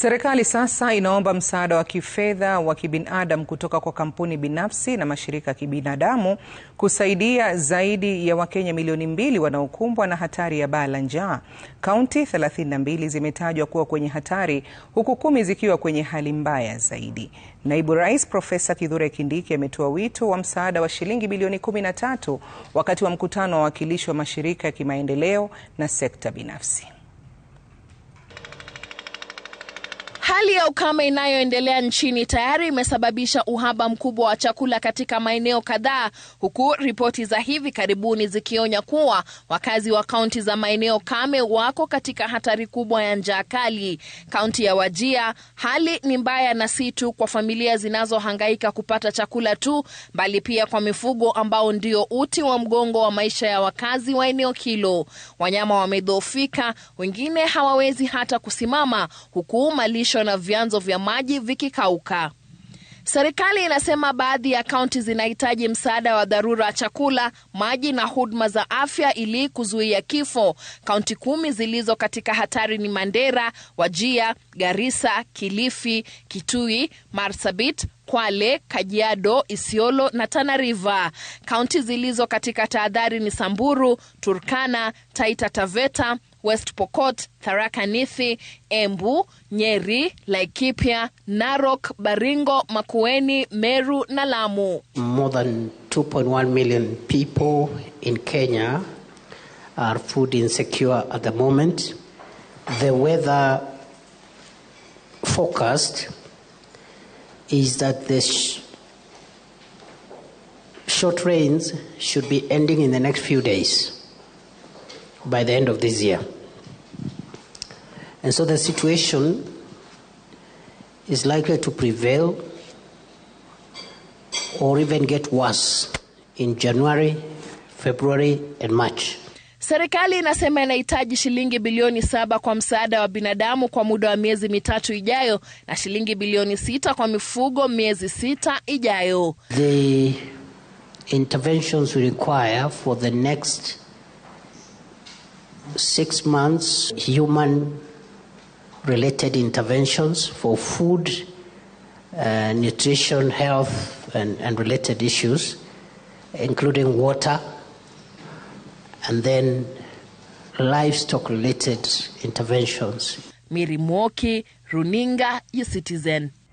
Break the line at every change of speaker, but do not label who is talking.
Serikali sasa inaomba msaada wa kifedha wa kibinadamu kutoka kwa kampuni binafsi na mashirika ya kibinadamu kusaidia zaidi ya Wakenya milioni mbili wanaokumbwa na hatari ya baa la njaa. Kaunti 32 zimetajwa kuwa kwenye hatari huku kumi zikiwa kwenye hali mbaya zaidi. Naibu Rais Profesa Kithure Kindiki ametoa wito wa msaada wa shilingi bilioni 13 wakati wa mkutano wa wawakilishi wa mashirika ya kimaendeleo na sekta binafsi.
Hali ya ukame inayoendelea nchini tayari imesababisha uhaba mkubwa wa chakula katika maeneo kadhaa, huku ripoti za hivi karibuni zikionya kuwa wakazi wa kaunti za maeneo kame wako katika hatari kubwa ya njaa kali. Kaunti ya Wajia, hali ni mbaya, na si tu kwa familia zinazohangaika kupata chakula tu, bali pia kwa mifugo ambao ndio uti wa mgongo wa maisha ya wakazi wa eneo hilo. Wanyama wamedhoofika, wengine hawawezi hata kusimama, huku malisho na vyanzo vya maji vikikauka. Serikali inasema baadhi ya kaunti zinahitaji msaada wa dharura wa chakula, maji na huduma za afya ili kuzuia kifo. Kaunti kumi zilizo katika hatari ni Mandera, Wajia, Garissa, Kilifi, Kitui, Marsabit, Kwale, Kajiado, Isiolo na Tana River. Kaunti zilizo katika tahadhari ni Samburu, Turkana, Taita Taveta, West Pokot, Tharaka Nithi, Embu, Nyeri, Laikipia, Narok, Baringo, Makueni, Meru na Lamu.
More than 2.1 million people in Kenya are food insecure at the moment. The weather forecast is that the sh- short rains should be ending in the next few days by the end of this year. And so the situation is likely to prevail or even get worse in January, February and March.
Serikali inasema inahitaji shilingi bilioni saba kwa msaada wa binadamu kwa muda wa miezi mitatu ijayo na shilingi bilioni sita kwa mifugo miezi sita ijayo.
The interventions we require for the next six months human related interventions for food, uh, nutrition, health, and, and related issues, including water, and then livestock related interventions.
Miri Mwoki, Runinga ya Citizen.